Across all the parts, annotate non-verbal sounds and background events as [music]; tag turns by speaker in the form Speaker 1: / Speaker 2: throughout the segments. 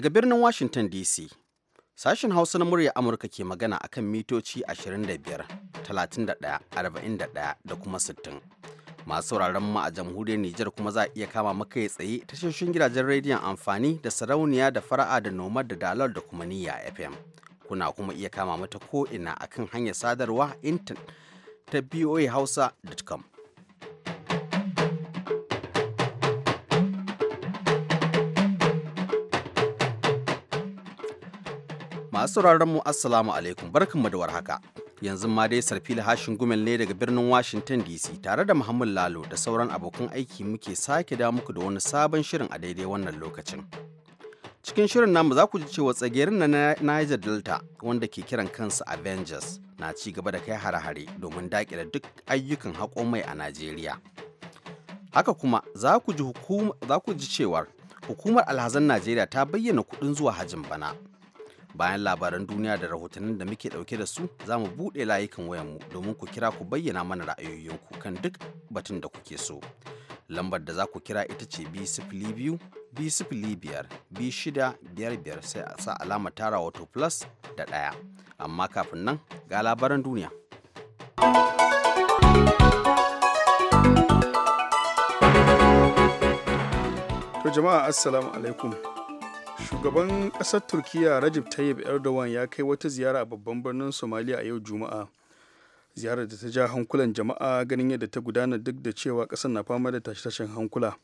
Speaker 1: Daga birnin Washington DC, sashen Hausa na murya Amurka ke magana akan mitoci 25, 31, 41 da kuma 60. Masu sauraron mu a jamhuriyar Nijar kuma za a iya kama maka tsaye ta shashin gidajen rediyon amfani da sarauniya da fara'a da nomad da dalar da kuma niyya FM. Kuna kuma iya kama mata ko ina akan hanyar sadarwa intan ta boahausa.com. Masu sauraron mu Assalamu alaikum barkanmu da warhaka. Yanzu ma dai sarfila hashin gumel ne daga birnin Washington DC tare da Muhammad Lalo da sauran abokan aiki muke sake da muku da wani sabon shirin a daidai wannan lokacin. Cikin shirin namu za ku ji cewa tsagerin na Niger Delta wanda ke kiran kansa Avengers na ci gaba da kai hare-hare domin daƙile duk ayyukan haƙo mai a Najeriya. Haka kuma za ku ji cewar hukumar alhazan Najeriya ta bayyana kuɗin zuwa hajin bana bayan labaran duniya da rahotannin da muke dauke da su za mu buɗe layukan wayanmu domin ku kira ku bayyana mana ra'ayoyinku kan duk batun da kuke so lambar da za ku kira ita ce b biyu b biyar b shida biyar biyar sai a sa alama tara wato plus da ɗaya amma kafin nan ga labaran duniya
Speaker 2: to jama'a assalamu alaikum shugaban ƙasar turkiyya rajib tayyip erdogan ya kai wata ziyara a babban birnin somaliya a yau juma'a ziyarar da ta ja hankulan jama'a ganin yadda ta gudana duk da cewa ƙasar na fama da tashe-tashen hankula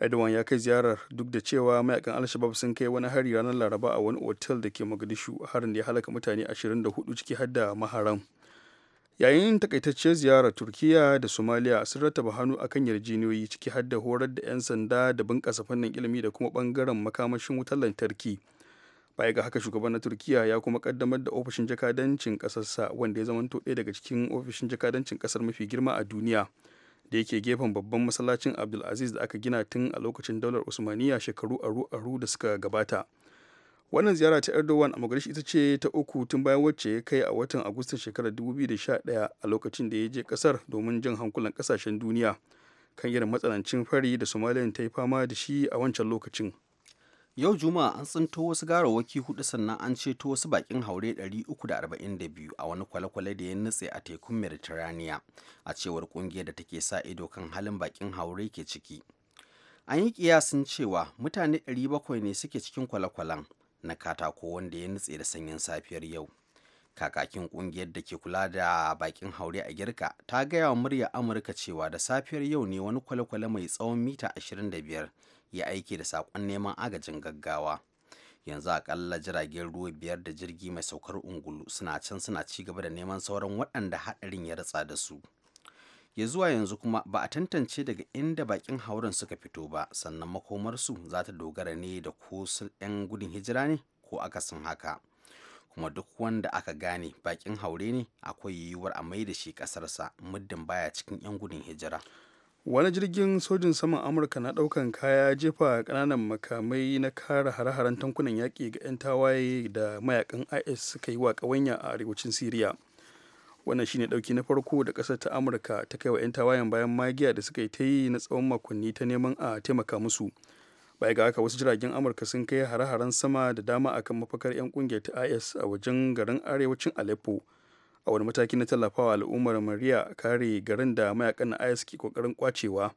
Speaker 2: erdogan ya kai ziyarar duk da cewa mayakan alshabab sun kai wani hari ranar laraba a wani otel da ke mogadishu harin da ya halaka mutane 24 ciki har da maharan yayin takaitacciyar ziyarar turkiya da somaliya sun rattaba hannu akan yarjejeniyoyi ciki har da horar da 'yan sanda da bunƙasa fannin ilimi da kuma ɓangaren makamashin wutar lantarki baya ga haka shugaban na turkiya ya kuma kaddamar da ofishin jakadancin ƙasarsa wanda ya zamanto ɗaya daga cikin ofishin jakadancin ƙasar mafi girma a duniya da yake gefen babban masallacin abdulaziz da aka gina tun a lokacin daular usmaniya shekaru aru aru da suka gabata wannan ziyara ta erdogan a magarishi ita ce ta uku tun bayan wacce ya kai a watan agustan shekarar 2011 a lokacin da ya je kasar domin jin hankulan kasashen duniya kan irin matsanancin fari da somaliya ta yi
Speaker 1: fama da shi a wancan lokacin yau juma'a an tsinto wasu garawaki hudu sannan an ceto wasu bakin haure 342 a wani kwale-kwale da ya nutse a tekun mediterania a cewar kungiyar da take sa ido kan halin bakin haure ke ciki an yi kiyasin cewa mutane 700 ne suke cikin kwalekwalen. na katako wanda ya nutse da sanyin safiyar yau kakakin kungiyar da ke kula da bakin haure a girka ta gaya wa murya amurka cewa da safiyar yau ne wani kwale-kwale mai tsawon mita 25 ya aiki da sakon neman agajin gaggawa yanzu akalla jiragen ruwa biyar da jirgi mai saukar ungulu suna can suna ci gaba da neman sauran waɗanda haɗarin ya ratsa da su ya zuwa yanzu kuma ba a tantance daga inda bakin hauren suka fito ba sannan makomarsu za ta dogara ne da ko 'yan gudun hijira ne ko akasin haka kuma duk wanda aka gane bakin haure ne akwai yiwuwar a mai da shi kasarsa muddin baya cikin 'yan gudun hijira
Speaker 2: wani jirgin sojin saman amurka na daukan kaya jefa kananan makamai na kare hare-haren tankunan yaƙi ga 'yan tawaye da mayakan is suka yi wa ƙawanya a arewacin siriya wannan shine dauki na farko da kasar ta amurka ta kai wa 'yan tawayen bayan magiya da suka yi ta yi na tsawon makonni ta neman a taimaka musu baya ga haka wasu jiragen amurka sun kai hare-haren sama da dama akan mafakar 'yan kungiyar ta is a wajen garin arewacin aleppo a wani mataki na tallafawa al'ummar maria kare garin da mayakan na is ke kokarin kwacewa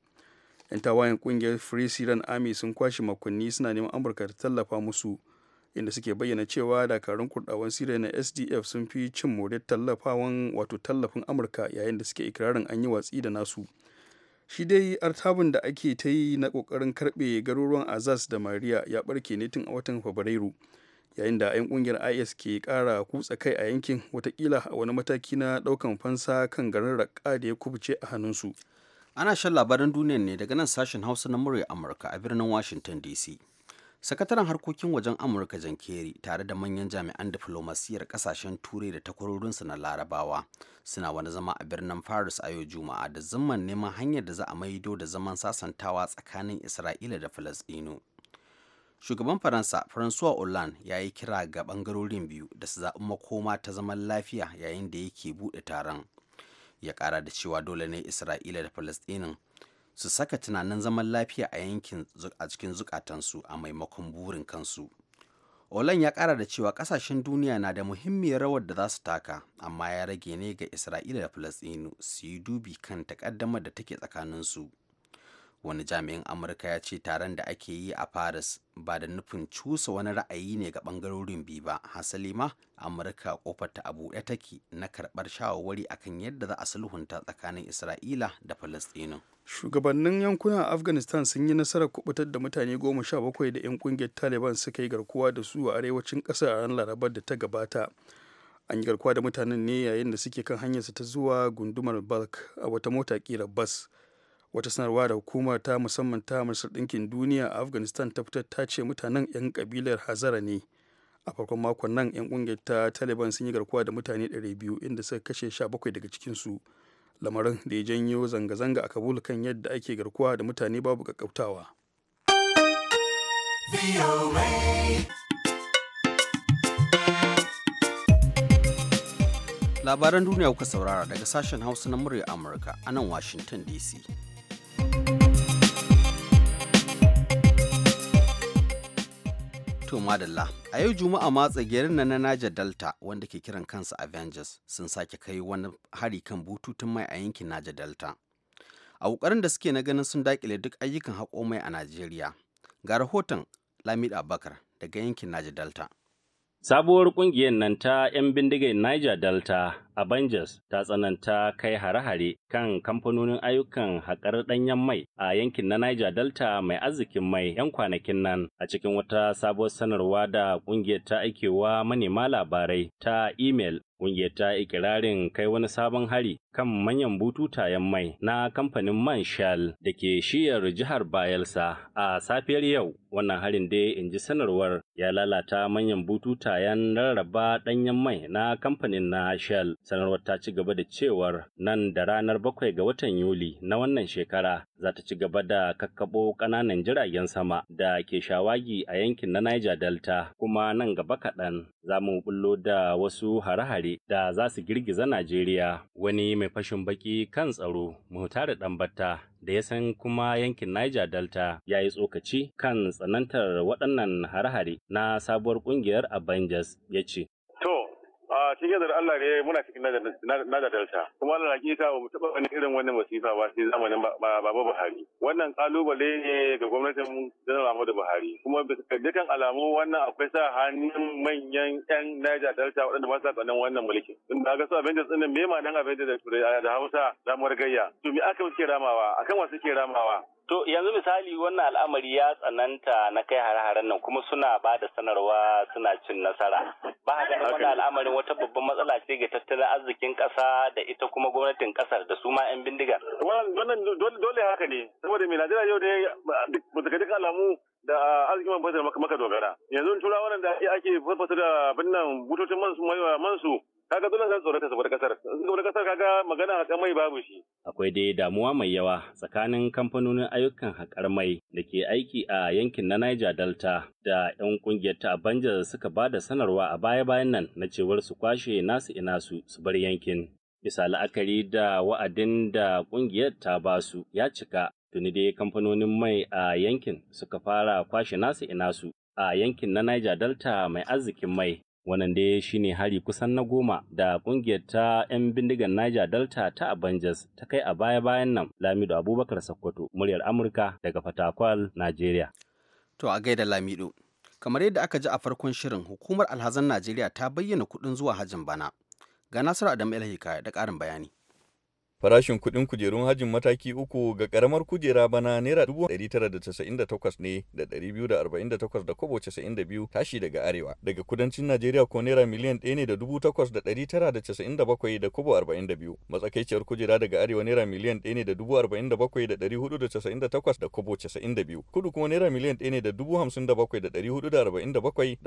Speaker 2: 'yan tawayen kungiyar free syrian army sun kwashe makonni suna neman amurka ta tallafa musu inda suke bayyana cewa dakarun kurdawan siriya na sdf sun fi cin more tallafawan wato tallafin amurka yayin da suke ikirarin an yi watsi da nasu shi dai artabin da ake ta yi na kokarin karbe garuruwan azaz da maria ya barke ne tun a watan fabrairu yayin da 'yan kungiyar is ke kara kutsa kai a yankin watakila a wani mataki na daukan fansa kan garin
Speaker 1: raka da ya kubuce a hannunsu ana shan labaran duniya ne daga nan sashen hausa na murya amurka a birnin washington dc sakataren harkokin wajen amurka John kerry tare da manyan jami'an diflomasiyyar kasashen turai da takwarorinsu na larabawa suna wani zama a birnin paris a yau juma'a da zaman neman hanyar da za a maido da zaman sasantawa tsakanin isra'ila da Falasɗinu. shugaban faransa François hollande ya yi kira ga bangarorin biyu da su zaɓi makoma ta zaman lafiya yayin da yake buɗe taron ya ƙara da cewa dole ne isra'ila da falasdinin su saka tunanin zaman lafiya a yankin a cikin zukatansu a maimakon burin kansu olan ya ƙara da cewa ƙasashen duniya na da muhimmiyar rawar da za su taka amma ya rage ne ga isra'ila da falastinu su yi dubi kan takaddamar da take tsakaninsu. su wani jami'in amurka ya ce taron da ake yi a paris ba da nufin cusa wani ra'ayi ne ga bangarorin biyu ba hasali ma amurka kofar ta abu ɗaya take na karɓar shawarwari akan yadda za a sulhunta tsakanin isra'ila da falastinin
Speaker 2: shugabannin yankunan afghanistan sun yi nasarar kubutar da mutane goma sha bakwai da 'yan kungiyar taliban suka yi garkuwa da su a arewacin ƙasar a ran larabar da ta gabata an yi garkuwa da mutanen ne yayin da suke kan hanyarsa ta zuwa gundumar balk a wata mota kira bas wata sanarwa da hukumar ta musamman ta masar ɗinkin duniya a afghanistan ta fitar ta ce mutanen 'yan kabilar hazara ne a farkon makon nan 'yan kungiyar ta taliban sun yi garkuwa da mutane 200 inda suka kashe 17 daga cikin su lamarin da ya janyo zanga-zanga a kabul kan yadda ake garkuwa da mutane babu kakkautawa
Speaker 1: labaran duniya kuka saurara daga sashen hausa na murya amurka a nan washington dc To madalla, a yau Juma'a ma tsagerin nan na Niger Delta wanda ke kiran kansa Avengers sun sake kai wani hari kan bututun mai a yankin Niger Delta. A ƙoƙarin da suke na ganin sun dakile duk ayyukan haƙo mai a Najeriya. Ga rahoton Lamid bakar daga yankin Niger Delta. Sabuwar
Speaker 3: ƙungiyar nan ta 'yan bindigar Niger Delta, Avengers, ta tsananta kai hare-hare kan kamfanonin ayyukan haƙar ɗanyen mai a yankin na Niger Delta mai arzikin mai 'yan kwanakin nan a cikin wata sabuwar sanarwa da ƙungiyar ta aikewa manema labarai ta imel. Ƙungiyar ta ikirarin kai wani sabon hari kan manyan bututayen mai na kamfanin man Shell da ke shiyar jihar Bayelsa a safiyar yau. wannan harin dai in ji sanarwar ya lalata manyan bututayen rarraba ɗanyen mai na kamfanin na shell sanarwar ta ci gaba da cewar nan da ranar bakwai ga watan yuli na wannan shekara za ta ci gaba da kakkaɓo ƙananan jiragen sama da ke shawagi a yankin na niger delta kuma nan gaba kaɗan za mu bullo da wasu hare-hare da za su girgiza najeriya wani mai fashin baki kan tsaro mu tare dan batta da ya san kuma yankin Niger Delta ya yi tsokaci kan tsanantar waɗannan hare-hare na sabuwar ƙungiyar Avengers ya ce,
Speaker 4: A cikin da Allah ne muna cikin da Delta. Kuma Allah hakika ba mu taɓa wani irin wannan masifa ba sai zamanin Baba Buhari. Wannan kalubale ne ga gwamnatin General Muhammadu Buhari. Kuma dukkan alamu wannan akwai sa hannun manyan 'yan Niger Delta waɗanda masu tsanan wannan mulkin. Tun da ga su Avengers ɗin me ma nan Avengers da Hausa da gayya. To me aka suke ramawa? Akan wasu suke ramawa? To yanzu misali wannan
Speaker 3: al'amari ya tsananta na kai hare-haren nan kuma suna ba da sanarwa suna cin nasara. Ba a ganin wannan al'amarin wata babban matsala ce ga tattalin arzikin ƙasa da ita kuma gwamnatin ƙasar
Speaker 4: da su ma 'yan bindigar. Wannan dole haka ne, saboda mai Najeriya yau da ba duka alamu da arzikin man fasar maka dogara. Yanzu turawa da ake fasar da binnan bututun mansu kaga dole za su tsorata saboda kasar saboda kasar kaga magana hakan mai babu shi
Speaker 3: akwai dai damuwa mai yawa tsakanin kamfanonin ayyukan haƙar mai da ke aiki a yankin na Niger Delta da 'yan kungiyar ta Abanja suka ba da sanarwa a baya-bayan nan na cewar su kwashe nasu ina su su bar yankin bisa la'akari da wa'adin da kungiyar ta ba su ya cika tuni dai kamfanonin mai a yankin suka fara kwashe nasu ina su a yankin na Niger Delta mai arzikin mai wannan dai shine hari kusan na goma da kungiyar ta 'yan bindigan Niger Delta ta Avengers ta kai a baya-bayan nan Lamido Abubakar Sokoto muryar Amurka daga Fatakwal,
Speaker 1: Najeriya. To a gaida Lamido. Kamar yadda aka ji a farkon shirin hukumar alhazan Najeriya
Speaker 5: ta bayyana kuɗin zuwa hajin bana. Ga Nasiru Adam El Hikaya da ƙarin bayani. Farashin kuɗin kujerun hajin mataki uku ga ƙaramar kujera bana naira dubu tara da da takwas ne da ɗari biyu da arba'in da takwas da kobo casa'in da biyu tashi daga arewa. Daga kudancin Najeriya ko naira miliyan ɗaya ne da dubu takwas da ɗari tara da da bakwai da kobo arba'in da biyu. Matsakaiciyar kujera daga arewa naira miliyan ɗaya ne da dubu arba'in da bakwai da ɗari hudu da da takwas da kobo casa'in da biyu. Kudu kuma naira miliyan ɗaya ne da dubu hamsin da bakwai da ɗari hudu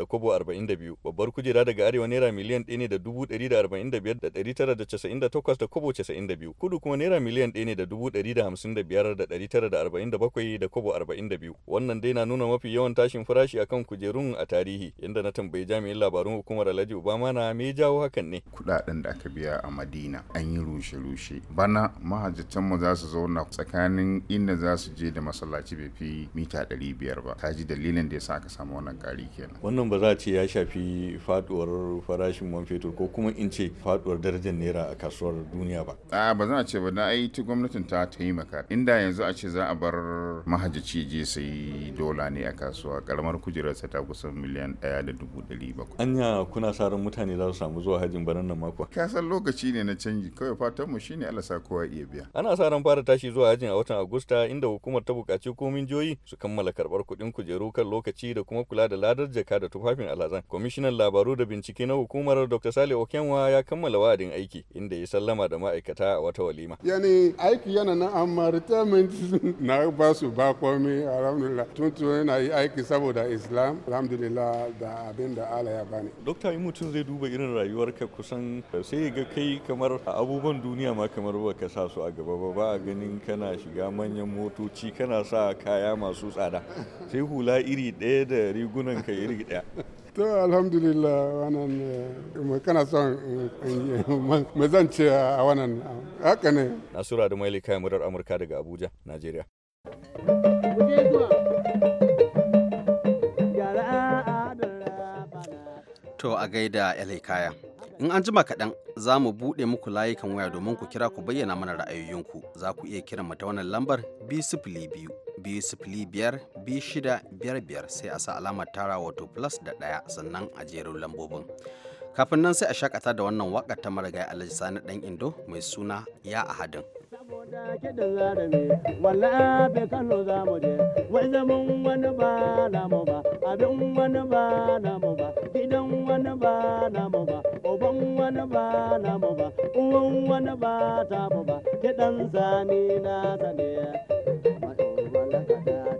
Speaker 5: kobo arba'in Babbar kujera daga arewa naira miliyan ɗaya ne da dubu da arba'in da kobo kudu kuma naira miliyan ɗaya ne da dubu ɗari da hamsin da biyar da ɗari tara da arba'in da bakwai da kobo arba'in da biyu wannan dai na nuna mafi yawan tashin farashi akan kujerun a tarihi inda na tambayi jami'in labarun hukumar alhaji obama na me jawo hakan ne kuɗaɗen da
Speaker 6: aka biya a madina an yi rushe-rushe bana mahajjatan mu za su zauna tsakanin inda za su je da masallaci bai fi mita
Speaker 5: ɗari biyar ba ta ji dalilin da ya sa aka samu wannan ƙari kenan wannan ba za a ce ya shafi faduwar farashin man fetur ko kuma in ce faduwar darajar naira a kasuwar duniya ba za a
Speaker 6: ce ba na ai ta gwamnatin ta taimaka inda yanzu a ce za a bar mahajjaci je sai dola ne a kasuwa karamar kujerarsa ta kusan miliyan ɗaya da dubu ɗari bakwai. anya kuna
Speaker 5: sa ran mutane za su samu zuwa hajjin banan nan mako. ka san lokaci ne na canji kawai fatan mu shine alasa sa kowa iya biya. ana sa ran fara tashi zuwa hajjin a watan agusta inda hukumar ta buƙaci komin joyi su kammala karɓar kuɗin kujeru kan lokaci da kuma kula da ladar jaka da tufafin alazan kwamishinan labaru da bincike na hukumar dr sale okenwa ya kammala wa'adin aiki inda ya sallama da ma'aikata a wata ta walima
Speaker 3: yani aiki yana na amma retirement [laughs] na ba su ba komai alhamdulillah
Speaker 5: tun tun yana yi aiki saboda islam alhamdulillah da abin da Allah ya bani dokta in mutum zai duba irin rayuwarka kusan eh, sai ga kai kamar abubuwan duniya ma kamar baka sa su a gaba ba ba ganin kana shiga manyan motoci kana sa kaya masu tsada sai hula iri ɗaya da rigunanka iri ɗaya
Speaker 3: To alhamdulillah wannan eh, kana son eh, mai zan ce a wannan haka ne.
Speaker 5: Nasura da Maili kayan murar Amurka daga Abuja, nigeria To a
Speaker 1: gaida yalai kaya. In an jima kaɗan za mu buɗe muku layukan waya domin ku kira ku bayyana mana ra'ayoyinku. Za ku iya kiran mu wannan lambar biyu biyu biyar sai a sa alamar tara wato plus da ɗaya sannan a jerin lambobin. Kafin nan sai a shakata da wannan waka ta marigayi Alhaji Sani ɗan Indo mai suna Ya Ahadin. Saboda
Speaker 3: kiɗin zarami, walla bai Kano za mu je, wai zaman wani ba namu abin wani ba namu ba, wani ba namu ba, uban wani ba namu ba, uwan wani ba tamu ba,
Speaker 6: kiɗan na saniya. that.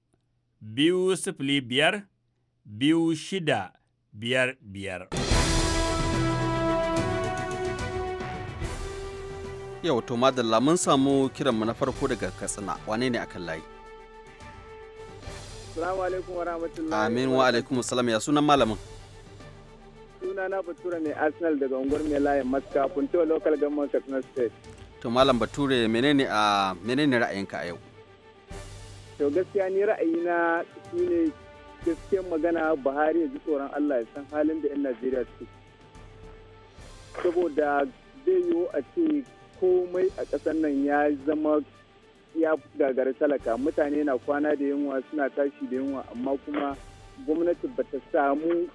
Speaker 5: biyu sifili biyar biyu shida biyar biyar. Yau
Speaker 1: to madalla mun samu kiranmu na farko daga Katsina wane ne akan layi?
Speaker 6: Salamu alaikum wa rahmatullahi.
Speaker 1: Amin wa alaikum salam ya sunan malamin.
Speaker 6: Suna na Bature mai Arsenal daga unguwar mai layin Maska, Punto Local Government Katsina State.
Speaker 1: To Malam Bature menene a ah, menene ra'ayinka a yau?
Speaker 6: to gaskiya ni ra'ayi na shine gaskiyar magana buhari ya ji tsoron allah ya san halin da 'yan najeriya suke saboda zai yiwu a ce komai a ƙasar nan ya zama ya gagari talaka mutane na kwana da yunwa suna tashi da yunwa amma kuma gwamnati ba ta samu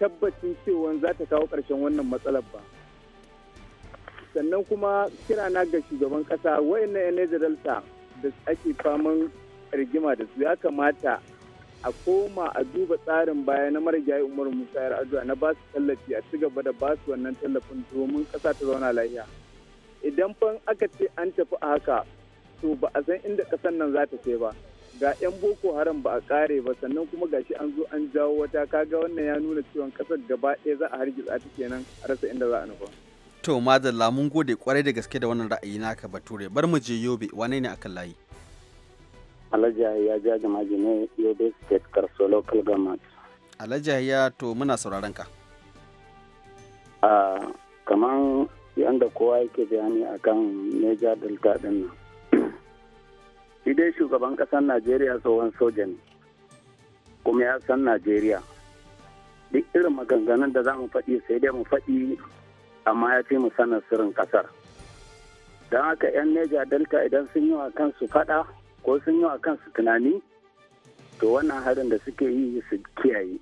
Speaker 6: tabbacin cewa za ta kawo ƙarshen wannan matsalar ba sannan kuma kira na ga shugaban ƙasa wayannan da delta da ake faman rigima da su ya kamata a koma a duba tsarin baya na mara marigayi umar musa yar addu'a na ba su tallafi a ci gaba da ba su wannan tallafin domin kasa ta zauna lafiya idan fan aka ce an tafi a haka to ba a san inda ƙasar nan za ta kai ba ga 'yan boko haram ba a kare ba sannan kuma gashi an zo an jawo wata kaga wannan ya nuna cewa kasar gaba ɗaya za a hargitsa ta kenan a rasa inda za a nufa.
Speaker 1: To da mun gode kwarai da gaske da wannan ra'ayi naka bature bar mu je yobe wane ne akan layi?
Speaker 6: Alhaji ya
Speaker 4: ja jamaji ne yobe state karso local government.
Speaker 1: Alhaji ya to muna sauraron ka.
Speaker 4: Uh, kaman yadda kowa yake bayani akan Major Delta din nan. Shi shugaban kasar Najeriya tsohon soja ne, kuma ya san Najeriya. Duk irin maganganun
Speaker 7: da za mu faɗi sai dai mu faɗi amma ya fi mu sanin sirrin kasar don haka 'yan
Speaker 4: neja delta idan sun yi wa kansu fada ko sun yi wa kansu tunani to wannan harin da suke yi su kiyaye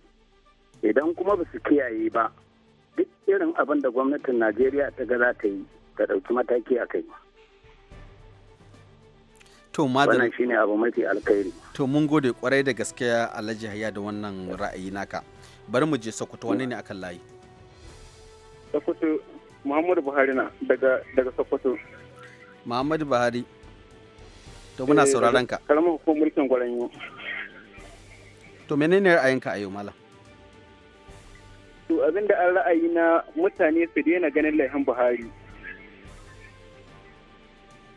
Speaker 4: idan kuma ba su kiyaye ba duk irin abin da gwamnatin najeriya ta ga za ta yi ta ɗauki mataki a
Speaker 1: kai to wannan shine
Speaker 4: abu mafi alkhairi
Speaker 1: to mun gode kwarai da gaskiya alhaji haya da wannan ra'ayi naka bari mu je sokoto wani ne akan layi
Speaker 7: Sokoto Muhammadu Buhari na daga daga Sokoto.
Speaker 1: Muhammadu Buhari. To muna eh, sauraron ka.
Speaker 7: Karamar hukumar mulkin Gwaranyo.
Speaker 1: To menene ra'ayinka a yau malam?
Speaker 6: To abin da an ra'ayi na mutane su daina ganin laihan Buhari.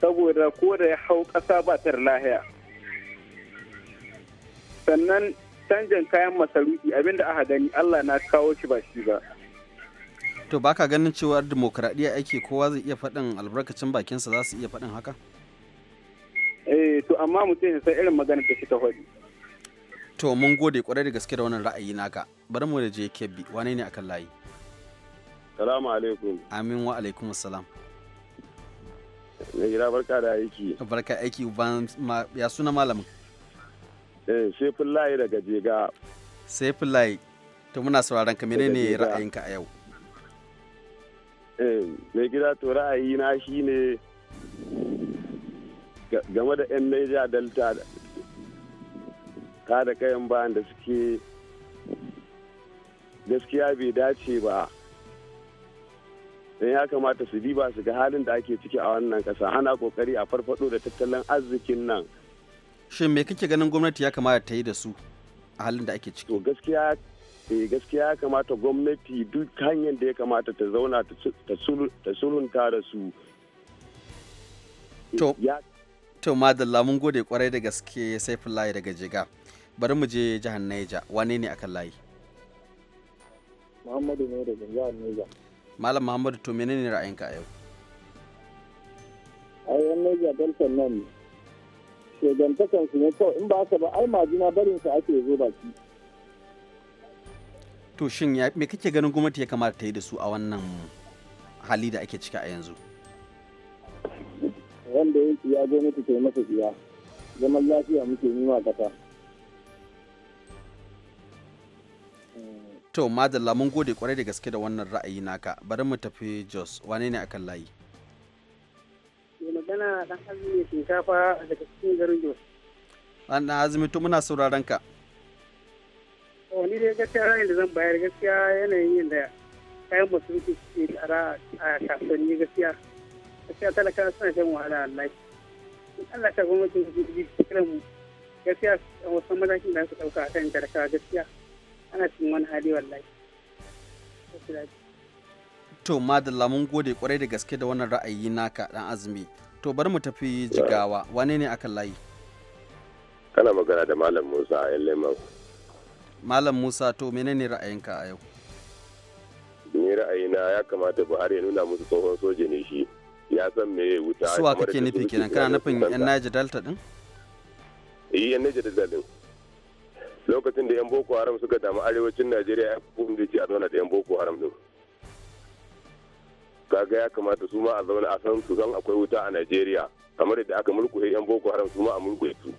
Speaker 6: Saboda ko da ya hau ƙasa ba ta lahiya. Sannan canjin kayan masarufi abin da aka gani Allah na kawo shi ba shi
Speaker 1: ba. to baka ganin cewa demokradiyya ake kowa zai iya faɗin albarkacin bakinsa za su iya faɗin haka
Speaker 6: eh to amma mutum ya san irin magana da shi ta faɗi
Speaker 1: to mun gode kwarai da gaske da wannan ra'ayi naka bari mu da je kebbi wane ne akan layi salamu alaikum amin wa alaikum assalam. mai gida barka da aiki barka aiki ya suna malamin
Speaker 4: eh shefin layi daga
Speaker 1: jega sefin layi to muna sauraron ka menene ra'ayinka a yau
Speaker 4: Eh, mai gida to ra'ayi na shine game da 'yan Niger Delta ta da kayan bayan da suke gaskiya bai dace ba don ya kamata su diba su ga halin da ake ciki a wannan kasa ana kokari a farfado da tattalin arzikin nan
Speaker 1: shin me kake ganin gwamnati ya kamata ta yi da su a halin da ake ciki
Speaker 4: gaskiya eh gaskiya ya kamata gwamnati duk hanyar da ya kamata ta zauna ta sulunta da su
Speaker 1: eh, to madalla mun gode kwarai da gaske saifin layi daga jiga bari mu je jihar naija wane ne akan layi
Speaker 4: Muhammadu ne daga jihar naija
Speaker 1: Malam Muhammadu to menene ra'ayinka a yau
Speaker 4: ai naija Delta nan ne shugantakan su ne kawai in ba haka ba ai majina barin su ake zo baki
Speaker 1: to shin me kake ganin gwamnati ya kamata ta yi da su a wannan hali da ake cika a yanzu
Speaker 4: wanda ya tsiya mutu ta yi masa iya zaman lafiya muke nima kata
Speaker 1: to madalla mun gode kwarai da gaske da wannan ra'ayi naka bari mu tafi jos wane ne akan layi
Speaker 6: magana dan azumi shinkafa daga cikin garin jos
Speaker 1: dan azumi to muna sauraron ka
Speaker 6: wani dai gaskiya ra'ayin da zan bayar gaskiya yanayin yin da kayan masarufi suke tsara a kasuwanni gaskiya gaskiya talaka suna shan wahala in Allah ta gwamnatin jirgi kiran mu gaskiya wasu matakin da su ɗauka a kan talaka gaskiya ana cikin wani hali wallahi
Speaker 1: to madalla mun gode kwarai da gaske da wannan ra'ayi naka dan azumi to bari mu tafi jigawa wane ne akan layi
Speaker 4: kana magana da malam musa a yan lemon
Speaker 1: Malam Musa to menene ra'ayinka a yau?
Speaker 4: Ni ra'ayina ya kamata Buhari ya nuna musu tsohon soja ne shi. Ya san me ya wuta. Suwa kake nufi kenan kana
Speaker 1: nufin yan Niger Delta din?
Speaker 4: Eh yan Niger Delta din. Lokacin da yan Boko Haram suka damu arewacin Najeriya ya kuma da ce a zauna da yan Boko Haram din. kaga ya kamata su ma a zauna a san su zan akwai wuta a Najeriya kamar da aka mulku yan Boko Haram su ma a mulku su.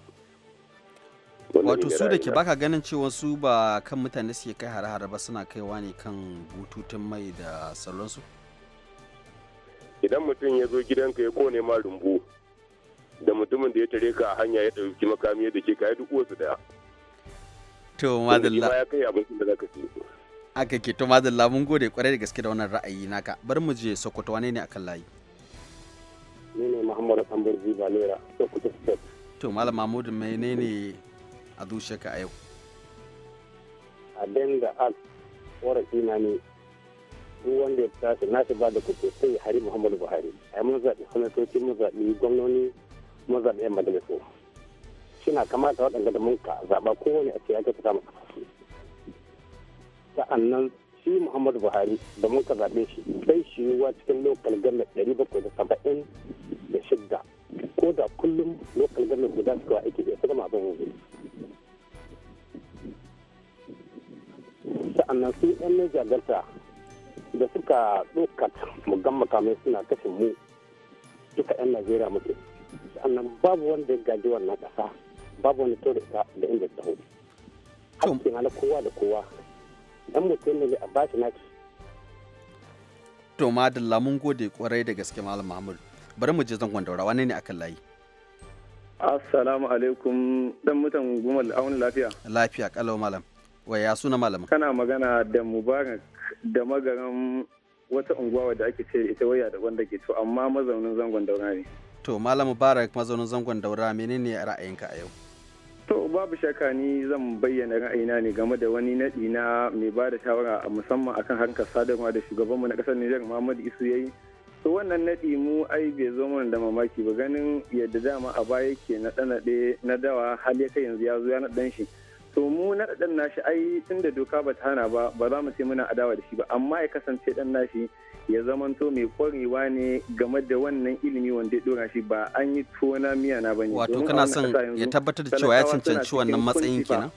Speaker 1: wato su da ke baka ganin cewa su ba kan mutane suke kai hare-hare ba suna kaiwa ne kan bututun mai da sauransu
Speaker 4: idan mutum ya zo gidanka ya kone ma rumbu da mutumin da ya tare ka a hanya ya ɗauki makami ya dake ka ya duk wasu
Speaker 1: daya to madalla ya
Speaker 4: kai abincin da zaka ci
Speaker 1: aka ke to madalla mun gode kwarai da gaske da wannan ra'ayi naka bar mu je sokoto wane ne akan layi
Speaker 4: ni ne muhammadu tambar jibalera sokoto
Speaker 1: state to malam mahmud menene a ka a yau
Speaker 4: abin da al korafi na ne duk wanda ya tashi na shi ba da kuke sai hari muhammadu buhari a mun zaɓi sanatoci mun zaɓi gwamnoni mun zaɓi yan majalisu suna kamata waɗanda da mun ka zaɓa kowane a cikin ta mu nan shi muhammadu buhari da mun ka zaɓe shi sai shi yiwuwa cikin lokal gwamnati ɗari bakwai da saba'in da shidda ko da kullum local government guda su wa aiki bai zama abin yanzu sa'annan su yan Niger jagarta da suka ɗaukat mugan makamai suna kashe mu duka yan Najeriya muke sa'annan babu wanda ya gaji wannan ƙasa babu wani ta da inda ta hudu hakkin hana kowa da kowa dan mutum ne a bashi naki
Speaker 1: to madalla mun gode kwarai da gaske malam Mahmud. bari mu je zangon daura wane ne akan layi
Speaker 7: assalamu alaikum dan mutan gumal awon lafiya
Speaker 1: lafiya kalau malam wai ya suna malam kana magana da mubarak
Speaker 7: da magaran wata unguwa da ake ce ita waya da wanda ke to amma mazaunin zangon
Speaker 1: daura ne to malam mubarak mazaunin zangon daura menene ra'ayinka a yau to
Speaker 7: babu shakka ni zan bayyana ra'ayina ne game da wani nadi na mai bada da shawara musamman akan harkar sadarwa da shugabanmu na ƙasar Nijar Muhammadu Isu yayi to wannan naɗi mu ai bai zo mana da mamaki ba ganin yadda dama a baya ke na ɗanaɗe na dawa hali ya kai yanzu ya zo ya naɗan shi to mu naɗaɗen nashi ai tun da doka ba ta hana ba ba za mu ce muna adawa da shi ba amma ya kasance ɗan nashi ya zamanto mai kwarewa ne game da wannan ilimi wanda ya dora shi ba an yi tuwo na miya na bane wato kana son ya tabbatar da cewa ya cancanci wannan matsayin kenan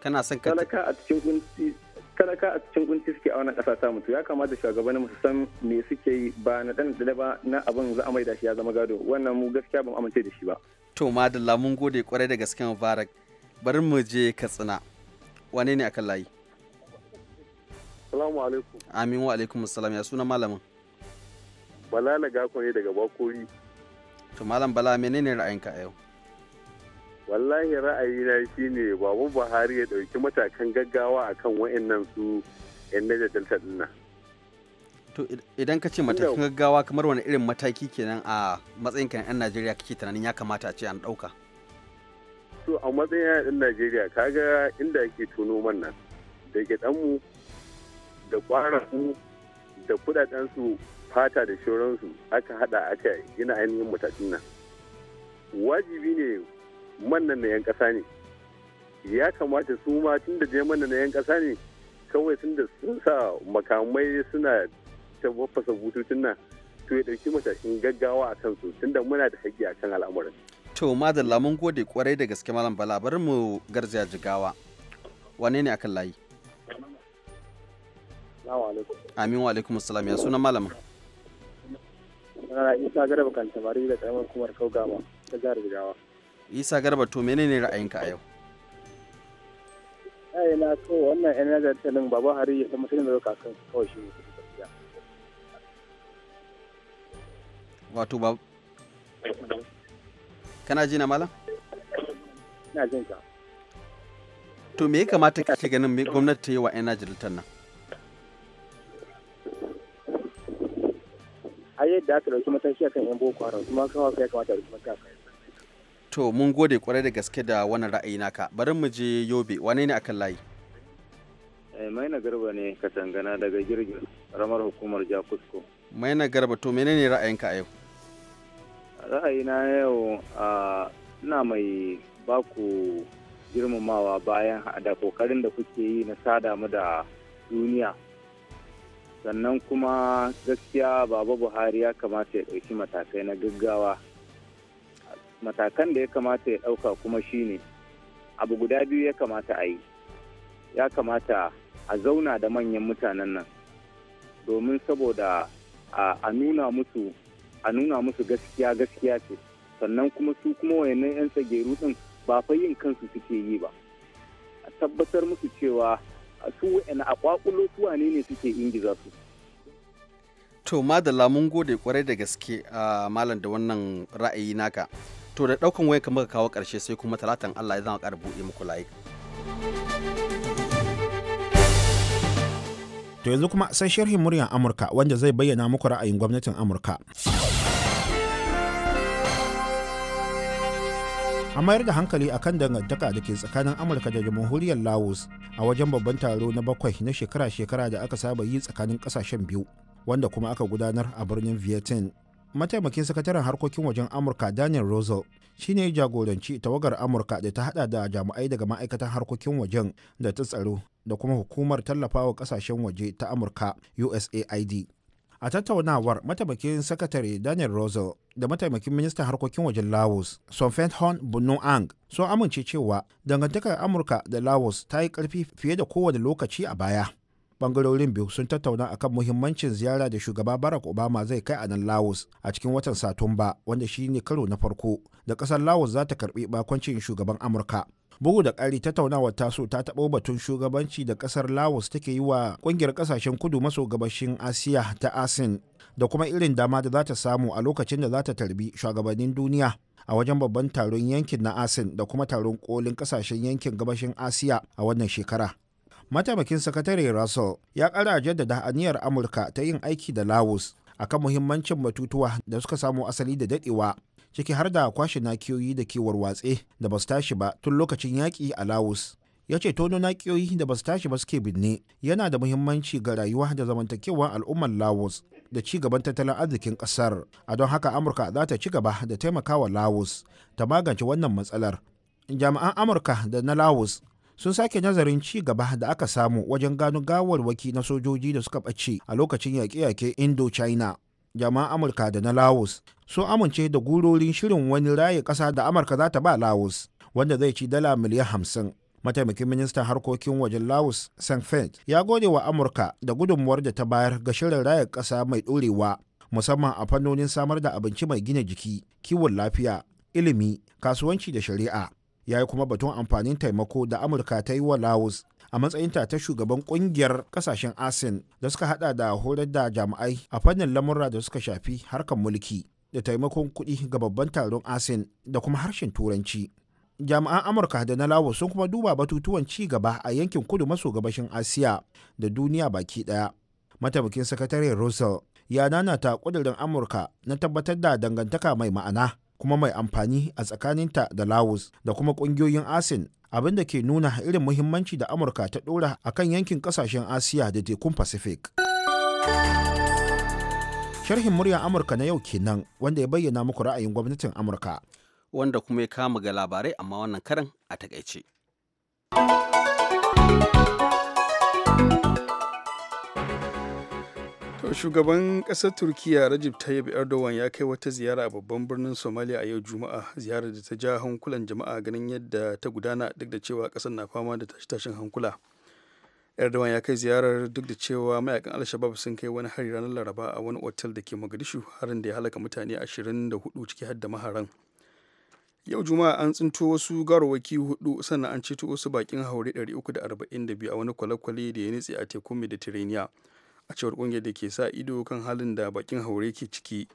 Speaker 7: kana son ka talaka a cikin kunci talaka a cikin kunci suke a wannan kasa ta mutu ya kamata shugabannin mu san me suke yi ba na dan da ba na abin za a maida shi ya zama gado wannan mu gaskiya mu amince da shi ba
Speaker 1: to madalla mun gode kwarai da gaske barak bari mu je katsina wane ne akan layi
Speaker 4: Assalamu alaikum.
Speaker 1: Amin wa alaikum assalam ya suna malamin.
Speaker 4: Bala na gako ne daga Bakori.
Speaker 1: To malam Bala menene ra'ayinka a yau?
Speaker 4: wallahi ra'ayina ne babu buhari ya ɗauki matakan gaggawa akan wa'annan su 'yan na jadalta dinnan
Speaker 1: to idan ka ce matakin gaggawa kamar wani irin mataki kenan a matsayin kan 'yan najeriya kake tunanin ya kamata a ce an ɗauka
Speaker 4: to a matsayin 'yan najeriya kaga inda ake tono man nan da gidanmu da kwaranmu da kudadensu fata da shoransu aka hada aka gina ainihin matakin nan wajibi ne mannan na 'yan ƙasa ne ya kamata su ma tun da je mannan na 'yan ƙasa ne kawai tun da sun sa makamai suna ta wafasa bututun nan to ya ɗauki matashin gaggawa a kansu tun da muna da haƙƙi a kan al'amuran.
Speaker 1: to madalla mun gode kwarai da gaske malam bala bar mu garzaya jigawa wane ne akan layi. amin wa alaikum salam ya sunan malamin.
Speaker 6: isa garba kan tabari da karamar kumar gama ta jihar jigawa.
Speaker 1: isa garba to menene ra'ayinka a yau
Speaker 6: ai na to wannan yan nazarta din babu hari ya musulun da kakan kawai shi ne
Speaker 1: wato ba kana ji na malam
Speaker 4: ina
Speaker 6: jin ka
Speaker 1: to me ya kamata kake ganin gwamnati ta yi wa yan najeriya nan
Speaker 6: a yadda aka dauki a kan yan boko haram kuma kawai ya kamata a dauki mataki
Speaker 1: to mun gode kwarai da gaske da wannan ra'ayi naka bari mu je yobe wane ne akan layi
Speaker 6: eh, maina garba ne katangana daga girgin ramar hukumar jakusko
Speaker 1: maina garba to menene ra'ayinka a yau
Speaker 6: ra'ayina yau ina mai baku girmamawa bayan da kokarin da kuke yi na sada mu da duniya sannan kuma gaskiya baba buhari ya kamata ya ɗauki matakai na gaggawa matakan da ya kamata ya ɗauka kuma shine abu guda biyu ya kamata a yi ya kamata a zauna da manyan mutanen nan domin saboda a nuna musu a nuna musu gaskiya gaskiya ce sannan kuma su kuma wayannan 'yan sageru din ba fa yin kansu suke yi ba a tabbatar musu cewa su wa'ina a kwakulo su wane ne suke ingiza su
Speaker 1: to madalla mun gode kwarai da gaske a malam da wannan ra'ayi naka to da daukan waya kamar kawo karshe sai kuma talatan Allah ya zama ƙara buɗe muku layi.
Speaker 8: To yanzu kuma sai sharhin muryar Amurka wanda zai bayyana muku ra'ayin gwamnatin Amurka. a mayar da hankali akan dangantaka da ke tsakanin amurka da jamhuriyar laos a wajen babban taro na bakwai na shekara-shekara da aka saba yi tsakanin kasashen biyu wanda kuma aka gudanar a birnin vietnam mataimakin sakataren harkokin wajen amurka daniel rozo shi ne jagoranci tawagar amurka da ta hada da jami'ai daga ma'aikatan harkokin wajen da ta tsaro da kuma hukumar tallafawa kasashen waje ta amurka usaid a tattaunawar mataimakin sakatare daniel rozo da mataimakin ministan harkokin wajen laos somfet hon bunu ang sun amince cewa dangantakar amurka da laos ta yi karfi fiye da kowane lokaci a baya bangarorin biyu sun tattauna kan muhimmancin ziyara da shugaba barak obama zai kai a nan laos a cikin watan satumba wanda shi ne karo na farko da kasar laos za ta karbi bakoncin shugaban amurka bugu da ƙari tattaunawar taso ta taɓo batun shugabanci da ƙasar laos take yi wa ƙungiyar ƙasashen kudu maso gabashin asiya ta asin da kuma irin dama da za ta samu a lokacin da za ta tarbi shugabannin duniya a wajen babban taron yankin na asin da kuma taron kolin ƙasashen yankin gabashin asiya a wannan shekara mataimakin sakatare russell ya kara jaddada aniyar amurka ta yin aiki da laos akan muhimmancin batutuwa da suka samo asali da dadewa ciki har da kwashe nakiyoyi da kewar watse da basu tashi ba tun lokacin yaƙi a lawus ya ce tono nakiyoyi da basu tashi ba suke binne yana da muhimmanci ga rayuwa da zamantakewar al'ummar lawus da ci gaban tattalin arzikin ƙasar a don haka amurka za ta ci gaba da taimakawa lawus ta magance wannan matsalar jami'an amurka da na lawus. sun sake nazarin ci gaba da aka samu wajen gano gawarwaki na sojoji da suka ɓace a lokacin yaƙe-yaƙe indo-china jama'an amurka da na laos sun amince da gurorin shirin wani raye ƙasa da amurka za ta ba laos wanda zai ci dala miliyan hamsin mataimakin ministan harkokin wajen laos sanfed ya gode wa amurka da gudunmuwar da ta bayar ga shirin raye ƙasa mai ɗorewa musamman a fannonin samar da abinci mai gina jiki kiwon lafiya ilimi kasuwanci da shari'a ya yi kuma batun amfanin taimako da amurka ta yi wa laos a matsayin ta shugaban kungiyar kasashen asin da suka hada da horar da jami'ai a fannin lamurra da suka shafi harkar mulki da taimakon kuɗi ga babban taron asin da kuma harshen turanci jami'an amurka da na lawo sun kuma duba batutuwan ci gaba a yankin kudu maso gabashin asiya da duniya baki daya mataimakin sakatare russell ya nanata kudirin amurka na tabbatar da dangantaka mai ma'ana kuma mai amfani a tsakaninta da Laos da kuma ƙungiyoyin ASEAN abin da ke nuna irin muhimmanci da Amurka ta ɗora a kan yankin ƙasashen Asiya da tekun Pacific. Sharhin muryar Amurka na yau kenan wanda ya bayyana muku ra'ayin gwamnatin Amurka.
Speaker 1: Wanda kuma ya kama ga labarai amma wannan karan a takaice.
Speaker 2: shugaban ƙasar turkiya rajib tayyip erdogan ya kai wata ziyara a babban birnin somalia a yau juma'a ziyarar da ta ja hankulan jama'a ganin yadda ta gudana duk da cewa ƙasar na fama da tashin hankula erdogan ya kai ziyarar duk da cewa mayakan alshabab sun kai wani hari ranar laraba a wani otal da ke mogadishu harin da ya halaka mutane ashirin da hudu ciki har maharan yau juma'a an tsinto wasu garowaki hudu sannan an ceto wasu bakin haure biyu a wani kwale-kwale da ya nitse a tekun mediterranean a cewar kungiyar da ke sa ido kan halin da bakin haure ke ciki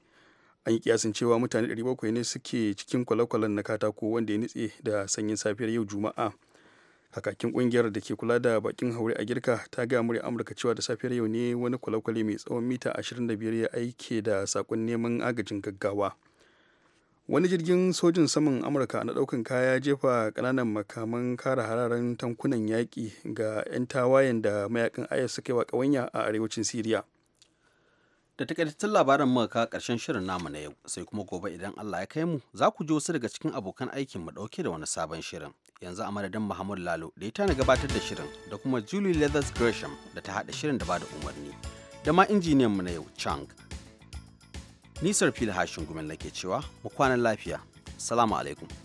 Speaker 2: an kiyasin cewa mutane 700 ne suke cikin kwale na katako wanda ya nitse da sanyin safiyar yau juma'a kakakin kungiyar da ke kula da bakin haure a girka ta ga murya amurka cewa da safiyar yau ne wani kwale mai tsawon mita 25 ya aike da sakon neman agajin gaggawa wani jirgin sojin saman amurka na daukan kaya jefa kananan makaman kara hararen tankunan yaƙi ga 'yan tawayen da mayakan is suka yi wa
Speaker 1: ƙawanya a arewacin siriya da takaitattun labaran muka karshen shirin namu na yau sai kuma gobe idan allah ya kai mu za ku ji wasu daga cikin abokan aikin mu dauke da wani sabon shirin yanzu a madadin muhammad lalo da ya na gabatar da shirin da kuma julie leathers gresham da ta haɗa shirin da ba da umarni da ma injiniyan mu na yau chang Nisar fili hashin gumin lake cewa mu kwanan lafiya. Salamu alaikum.